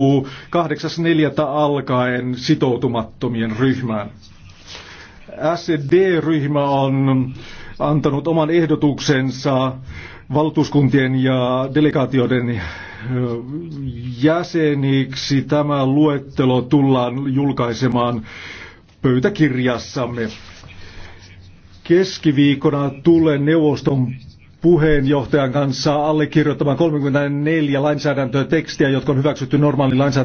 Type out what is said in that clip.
8.4. alkaen sitoutumattomien ryhmään. SED-ryhmä on antanut oman ehdotuksensa valtuuskuntien ja delegaatioiden jäseniksi. Tämä luettelo tullaan julkaisemaan pöytäkirjassamme. Keskiviikkona tulee neuvoston puheenjohtajan kanssa allekirjoittamaan 34 lainsäädäntötekstiä, jotka on hyväksytty normaalin lainsäädäntö